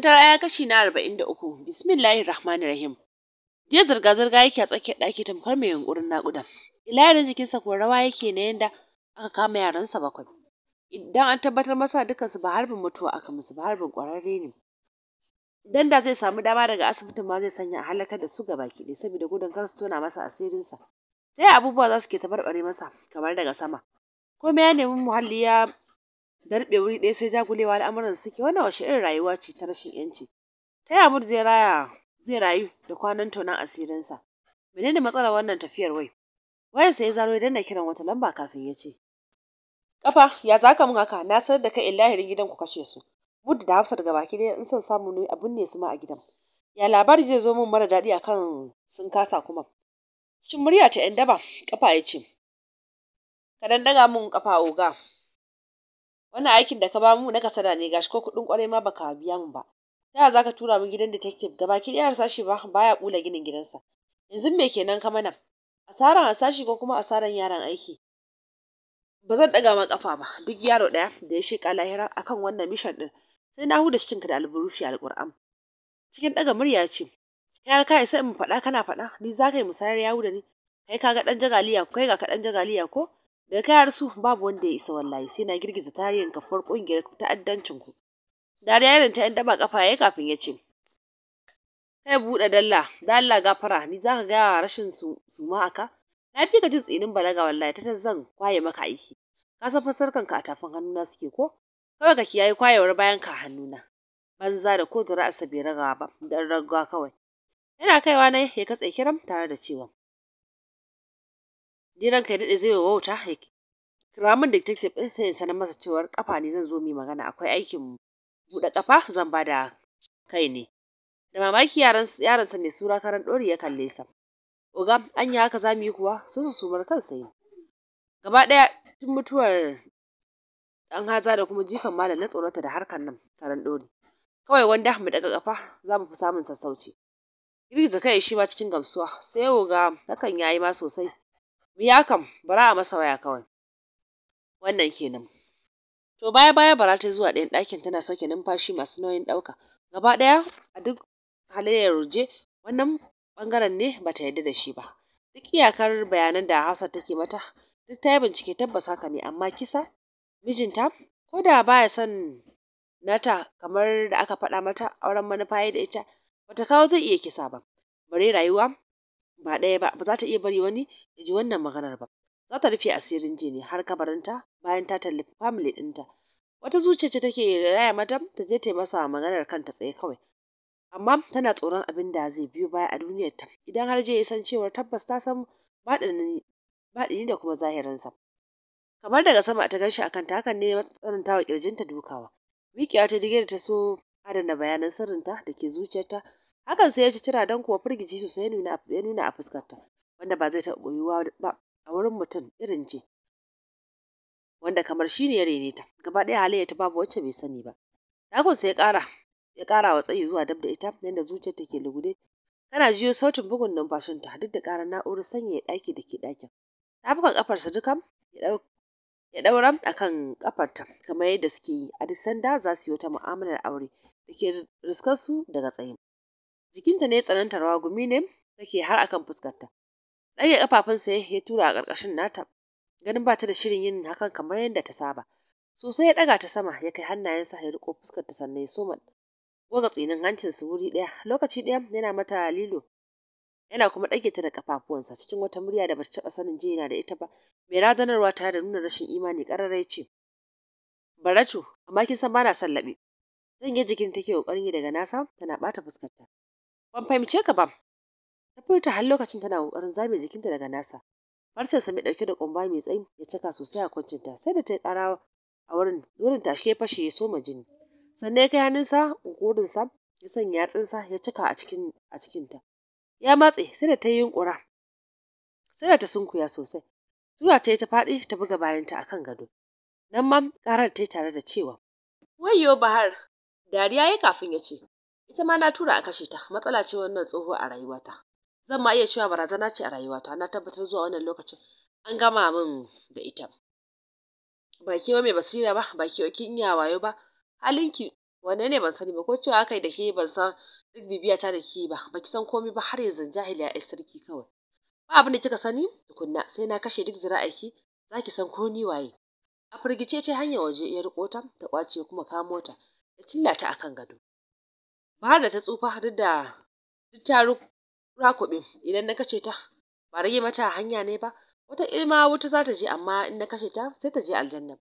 tsintar aya kashi na arba'in da uku bismillahir rahmanir rahim jiya zirga-zirga yake a tsakiyar ɗaki tamkar mai yunƙurin naƙuda ilayarin jikinsa ko rawa yake na yanda aka kama yaransa bakwai idan an tabbatar masa dukansu ba harbin mutuwa aka musu ba harbin ƙwararre ne dan da zai samu dama daga asibitin ma zai sanya a halakar da su ga baki ɗaya saboda gudun kar su tona masa asirinsa ta yaya abubuwa za su ke tabarbare masa kamar daga sama komai ya nemi muhalli ya da wuri ɗaya sai jagulewa al'amuran suke wannan wasu irin rayuwa ce ta rashin yanci ta yaya mur zai raya zai rayu da kwanan tonan asirinsa menene matsalar wannan tafiyar wai wayar sai zaro ya danna kiran wata lamba kafin ya ce kafa ya zaka mun haka na sanar da kai lahirin gidan ku kashe su Budda da Hafsat gaba ki dai in son samu ne abun ne su ma a gidan ya labari zai zo mun mara daɗi akan sun kasa kuma cikin murya ta yan daba kafa ya ce ka dandaga mun kafa oga wannan aikin da ka ba mu na kasada ne gashi ko kuɗin kwarai ma baka biya mu ba ta yaya zaka tura mu gidan detective gabaki ɗaya harsashi ba baya bula ginin gidansa yanzu me kenan ka mana asaran asashi ko kuma asaran yaran aiki ba zan ɗaga ma kafa ba duk yaro ɗaya da ya sheka lahira akan wannan mission ɗin sai na huda cikinka da alburushi alƙur'an cikin ɗaga murya ce yar ka isa in faɗa kana faɗa ni zaka ka yi musayar yawo da ni kai ka ga ɗan jagaliya kai ga ka ɗan jagaliya ko daga kayar su babu wanda ya isa wallahi sai na girgiza tarihin kafar kungiyar ta'addancin ku dariya irin ta yan dama kafa ya kafin ya ce kai buɗe dalla dalla gafara ni zaka ga rashin su suma aka na fi ka ji tsinin balaga wallahi ta zan kwaye maka aiki ka san fasar kanka a tafin hannuna suke ko kawai ka kiyaye kwayewar bayan ka hannuna banza da ko zura bai raga ba dan raga kawai yana kaiwa ne ya katse kiram tare da cewa ni kai ya daɗe zai wauta ya kira min detective ɗin sai in sanar masa cewar kafa ne zan zo mu magana akwai aikin buɗe kafa zan bada kai ne da mamaki yaran sa mai sura karan ɗori ya kalle sa oga yi haka za yi kuwa su su sumar kansa yi gaba ɗaya tun mutuwar ɗan haza da kuma jikan malam na tsorata da harkar nan karan ɗori kawai wanda mu daga kafa za mu fi samun sassauci girgiza kai shi ma cikin gamsuwa sai oga hakan yayi ma sosai Wuya kam, bari a masa waya kawai. Wannan kenan. To baya baya bara ta zuwa ɗayan ɗakin tana sauke numfashi masu nauyin ɗauka. Gaba ɗaya a duk halayyar Ruje wannan ɓangaren ne ba ta yarda da shi ba. Duk iyakar bayanan da Hausa take mata duk ta yi bincike tabbas haka ne amma kisa mijinta ko da baya son nata kamar da aka faɗa mata auren manufa da ita bata kawo zai iya kisa ba. Bari rayuwa ba ɗaya ba ba za ta iya bari wani ya ji wannan maganar ba za ta rufe asirin jini har kabarinta bayan ta tallafi family ɗinta wata zuciya ce take raya mata ta je ta masa maganar kanta tsaye kawai amma tana tsoron abin da zai biyo baya a duniyar ta idan har je ya san cewa tabbas ta san baɗini da kuma zahirinsa kamar daga sama ta ganshi akan ta hakan ne tsananta wa kirjinta dukawa mikiya ta dige da ta so adana bayanan sirrinta da ke zuciyarta hakan sai ya ci cira don kuwa firgici sosai ya nuna a fuskarta wanda ba zai taɓa yiwuwa ba a wurin mutum irin ce wanda kamar shi ne ya rene ta gaba ɗaya halayya ta babu wacce bai sani ba takun sai ya ƙara ya ƙara wa tsayi zuwa dab da ita yadda zuciyar ta ke lugude tana jiyo sautin bugun numfashinta duk da ƙarar na'urar sanya ya ɗaki da ke ɗakin ta buga ƙafarsa dukan ya ɗaura a kan ƙafarta kamar yadda suke yi a duk sanda za su yi wata mu'amalar aure da ke riskarsu daga tsaye jikinta ne tsananta rawa gumi ne take har akan fuskarta ɗage kafafunsa ya tura a ƙarƙashin nata ganin bata da shirin yin hakan kamar yadda ta saba sosai ya ɗaga ta sama ya kai hannayensa ya riƙo fuskar sannan ya soma goga tsinin hancin wuri ɗaya lokaci ɗaya yana mata lilo yana kuma ɗage ta da kafafuwansa cikin wata murya da bata taɓa sanin jiya yana da ita ba mai razanarwa tare da nuna rashin imani ƙararrai ce baratu amma kin san bana son laɓe janye jikin take ƙoƙarin yi daga nasa tana ɓata fuskarta Ban fahimce ka ba. Ta furta har lokacin tana kokarin zame jikinta daga nasa. sa mai ɗauke da kumba mai tsayi ya caka sosai a kwancinta sai da ta yi ƙara a wurin wurin tashe fashe ya soma jini. Sannan ya kai hannunsa ƙurinsa ya sanya yatsunsa ya cika a cikin a cikinta. Ya matse sai da ta yi yunƙura. Sai da ta sunkuya sosai. zuwa ta ta faɗi ta buga bayanta a kan gado. Nan ma ƙarar ta yi tare da cewa. Wayyo Bahar, dariya ya kafin ya ce, ita ma na tura a kashe ta matsala ce wannan tsoho a rayuwata zan ma iya cewa barazana ce a rayuwata na tabbatar zuwa wannan lokacin an gama min da ita ba kewa mai basira ba ba kewa kin iya wayo ba halinki wanne ne ban sani ba ko cewa kai da ke ban san duk bibiya ta da ke ba ba ki san komai ba har yanzu jahiliya ai sarki kawai ba abin da kika sani tukunna sai na kashe duk zira'aiki zaki san ko ni waye a firgice ce hanyar waje ya riko ta ta kwace kuma kamo ta da cilla ta akan gado Bahar da ta tsufa duk da duk ta rakuɓe idan na kashe ta ba rage mata hanya ne ba wata ilma wata za ta je amma in na kashe ta sai ta je aljanna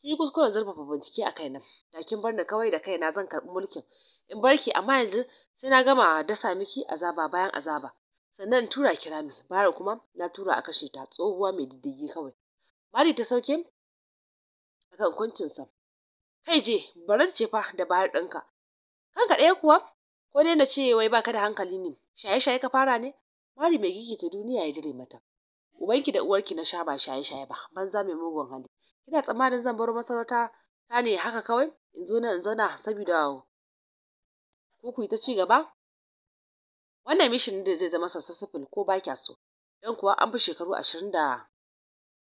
ki yi kuskuren zurfafa bincike a kaina da bar ni kawai da kaina zan karɓi mulkin in barki amma yanzu sai na gama dasa miki azaba bayan azaba sannan tura kira mi bara kuma na tura a kashe ta tsohuwa mai diddigi kawai mari ta sauke akan kuncinsa kai je barar ce fa da bahar ɗinka Kanka ɗaya kuwa? Ko dai na ce wai baka da hankali ne, shaye-shaye ka fara ne? Mari mai ta duniya ya dire mata. Ubanki da uwarki na sha ba shaye-shaye ba, banza mai mugun hali. Kina tsammanin zan bar masarauta ta ne haka kawai? In zo nan in zauna saboda ko ku yi ta ci gaba? Wannan mishin da zai zama successful ko ba kya so. Dan kuwa an fi shekaru ashirin da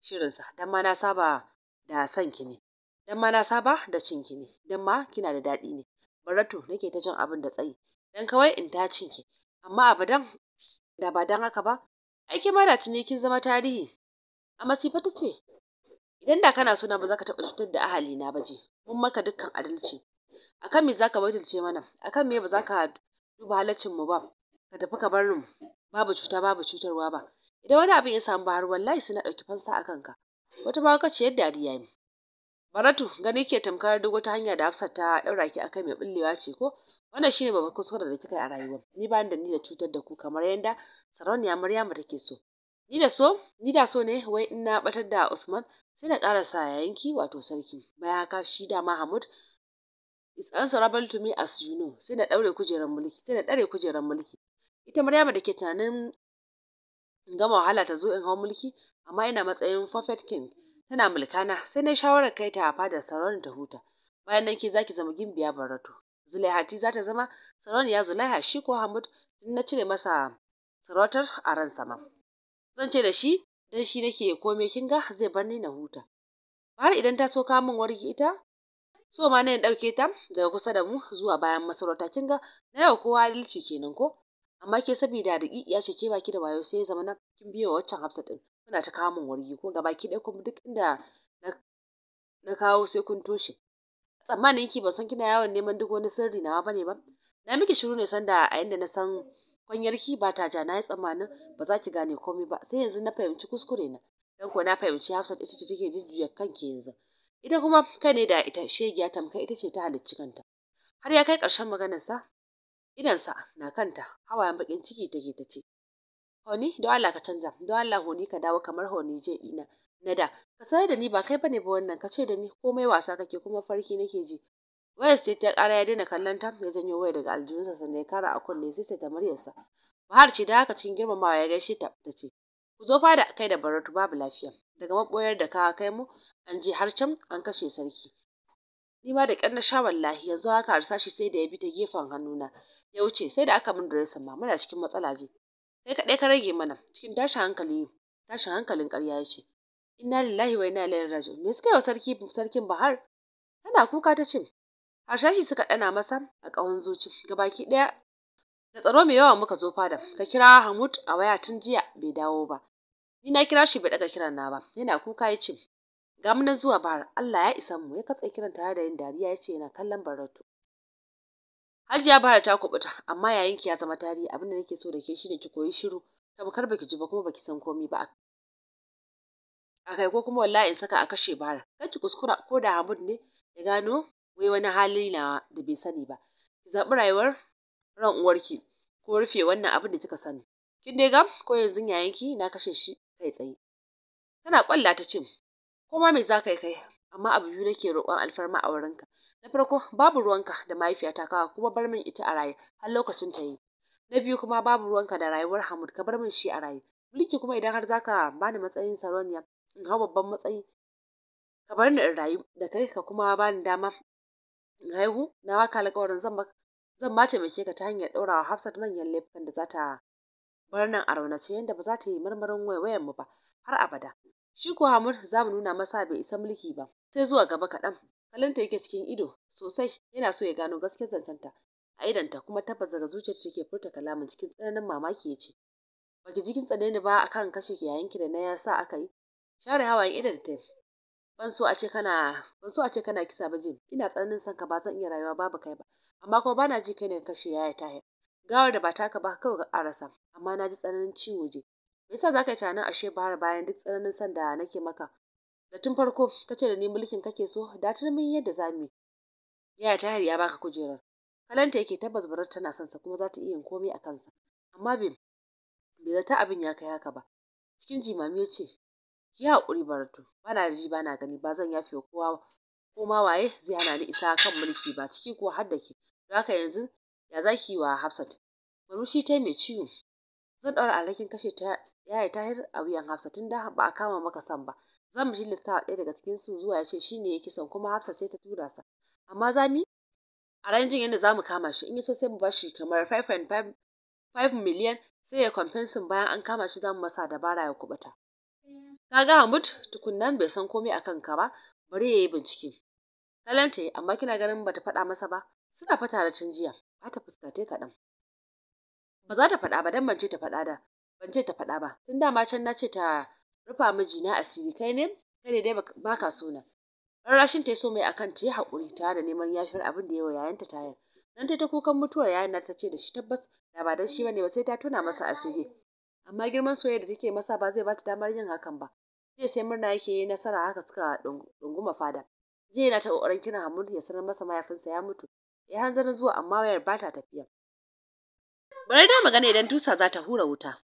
shirinsa, dan ma na saba da son ki ne, dan ma na saba da cin ki ne, dan ma kina da daɗi ne. Baratu nake ta jin abin da tsayi dan kawai in tacin ki amma abadan da ba dan haka ba ai ke ma tuni kin zama tarihi a masifa ta idan da kana na, ba za ka taɓa cutar da ahali na ba je mun maka dukkan adalci akan me zaka butulce mana akan me ba za ka duba halaccin mu ba ka tafi ka bar mu babu cuta babu cutarwa ba idan wani abin ya samu ba har wallahi sai na dauki fansa a kanka wata ma ka ce yadda dariya ne Baratu gani ke tamkar duk wata hanya da Hafsat ta daura ki akai mai bullewa ce ko wannan shine babban kuskuren da kika yi a rayuwa ni ba ni da cutar da ku kamar yadda sarauniya Maryama take so ni da so ni da so ne wai in na batar da Usman sai na karasa ki wato sarki bayan shi da Mahmud is answerable to me as you know sai na daure kujerar mulki sai na dare kujerar mulki ita Maryama da ke tunanin gama wahala ta zo in hau mulki amma ina matsayin perfect king tana mulkana sai na shawarar kai ta a fadar sarauni ta huta bayan nan ke zaki zama gimbiya barato Zulaihati za ta zama sarauniya Zulaiha shi ko Hamud tun na cire masa sarautar a ran sama. Zan ce da shi dan shi nake komai kin ga zai bar ni na huta. Har idan ta so ka mun wargi ita so ma na dauke ta daga kusa da mu zuwa bayan masarauta kin ga na yau kowa adalci kenan ko amma ke sabida da ya ce ke baki da wayo sai ya zama na kin biyo waccan hafsa din kuna ta kawo min wargi ko gaba ki ɗaya kuma duk inda na kawo sai kun toshe tsammanin ki ban san kina yawon neman duk wani sirri nawa ne, ba na miki shiru ne sanda a yanda na san kwanyar ki ba ta ja na yi tsammanin ba za ki gane komai ba sai yanzu na fahimci kuskure na dan ko na fahimci Hafsat ita ce take jijjiya kanki yanzu ita kuma kai ne da ita shegiya tamka ita ce ta halicci kanta har ya kai ƙarshen maganarsa idansa na kanta hawayen bakin ciki take ta ce honi don Allah ka canja don Allah honi ka dawo kamar honi je ina na da ka sanar da ni ba kai bane ba wannan ka ce da ni komai wasa kake kuma farki nake ji Waye sai ta ƙara ya daina kallon ta ya janyo waye daga aljihunsa sannan ya kara a kunne sai sai ta muryarsa Bahar ce da haka cikin girmamawa ya gaishe ta ta ce ku zo fada kai da Baratu babu lafiya daga maɓoyar da ka kai mu an je har can an kashe sarki ni ma da ƙyar na sha wallahi yanzu haka harsashi sai da ya bi ta gefen hannuna ya wuce sai da aka min dresa ma muna cikin matsala je kai kaɗai ka rage mana cikin tashin hankali tashin hankalin karya ya ce inna lillahi wa inna ilaihi raji'un me suka yi wa sarkin bahar tana kuka ta ce harshashi suka ɗana masa a ƙahon zuci gabaki ɗaya da tsaro mai yawa muka zo fada ka kira hamud a waya tun jiya bai dawo ba ni na kira shi bai ɗaga kiran na ba yana kuka ya ce ga zuwa bahar Allah ya isa mu ya katse kiran tare da yin dariya ya ce yana kallon barato Hajiya Bahar ta kubuta amma yayin ki ya zama tarihi abinda nake so da ke shine ki koyi shiru tamkar baki ji ba kuma baki san komai ba a kai ko kuma wallahi in saka a kashe Bahar kar ki kuskura ko da Hamud ne ya gano wai wani hali na da bai sani ba ki zabi rayuwar ran uwarki ko rufe wannan abin da kika sani kin dai ga ko yanzu yayanki na kashe shi kai tsaye tana kwalla ta ce koma me za ka yi kai amma abu biyu nake roƙon alfarma a wurinka na farko babu ruwanka da mahaifiyata kawa kuma bar min ita a raye har lokacin ta yi na biyu kuma babu ruwanka da rayuwar Hamud ka bar min shi a raye mulki kuma idan har zaka bani matsayin sarauniya in hau babban matsayi ka bar ni in rayu da kai ka kuma bani dama in haihu na baka alƙawarin zan ba zan ma taimake ka ta hanyar ɗaurawa Hafsat manyan laifukan da za ta bar nan a raunace yadda ba za ta yi marmarin waiwayan mu ba har abada shi ko Hamud za mu nuna masa bai isa mulki ba sai zuwa gaba kaɗan kallonta yake cikin ido sosai yana so ya gano gaskiyar zancenta a idanta kuma tabbas daga zuciyar ta ke furta kalamin cikin tsananin mamaki ya ce baki jikin tsane ni ba akan kashe yayanki da na ya sa aka yi share ya idan ta ban so a ce kana ban so a ce kana kisa ba jim ina tsananin son ka ba zan iya rayuwa babu kai ba amma kuma bana ji kai ne kashe yaya tahir gawar da ba taka ba kawai ka karasa amma na ji tsananin ciwo je me yasa zaka yi tunanin ashe bara bayan duk tsananin son da nake maka da tun farko ta ce da ni mulkin kake so da turmin yadda za mu yi. yaya tahir ya baka kujerar kalanta yake tabbas barar tana son sa kuma za ta iya yin komai a kansa amma bim bai zata abin ya kai haka ba cikin jimami ya ce ki haƙuri baratu bana ji na gani ba zan yafe kowa ko ma waye zai hana ni isa kan mulki ba ciki kuwa har da ke don haka yanzu ya zaki wa Hafsat shi ta mai ciwo zan ɗaura alhakin kashe ta yaya tahir a wuyan Hafsat tun da ba a kama maka san ba Zan lista ɗaya daga cikin su zuwa ya ce shi ne ya kisan kuma Hafsa ce ta tura sa. Amma zami a ran jin yadda mu kama shi in yi sosai mu ba shi kamar 5.5 million sai ya compensation bayan an kama shi za mu masa dabara ya kubuta. ga Hamud Tukunan bai san komai akan ka ba bari ya yayi bincike. Kalanta amma kina ganin bata faɗa masa ba suna fata da cin jiya ba ta fuskate kaɗan. Ba za ta faɗa ba dan ban ce ta faɗa ba tun dama can na ce ta rufa mijina asiri kai ne kai ne dai baka so na rarrashin ta so mai akan ta yi hakuri ta da neman yafiyar abin da yawa yayanta tayar nan ta ta kukan mutuwar yayin ta ce da shi tabbas da ba dan shi bane ba sai ta tuna masa asiri amma girman soyayya da take masa ba zai bata damar yin hakan ba jiya sai murna yake yi nasara haka suka dunguma fada jiya yana ta kokarin kiran Hamud ya sanar masa mayafinsa ya mutu ya hanzarin zuwa amma wayar ba ta tafiya bari da magana idan tusa za ta hura wuta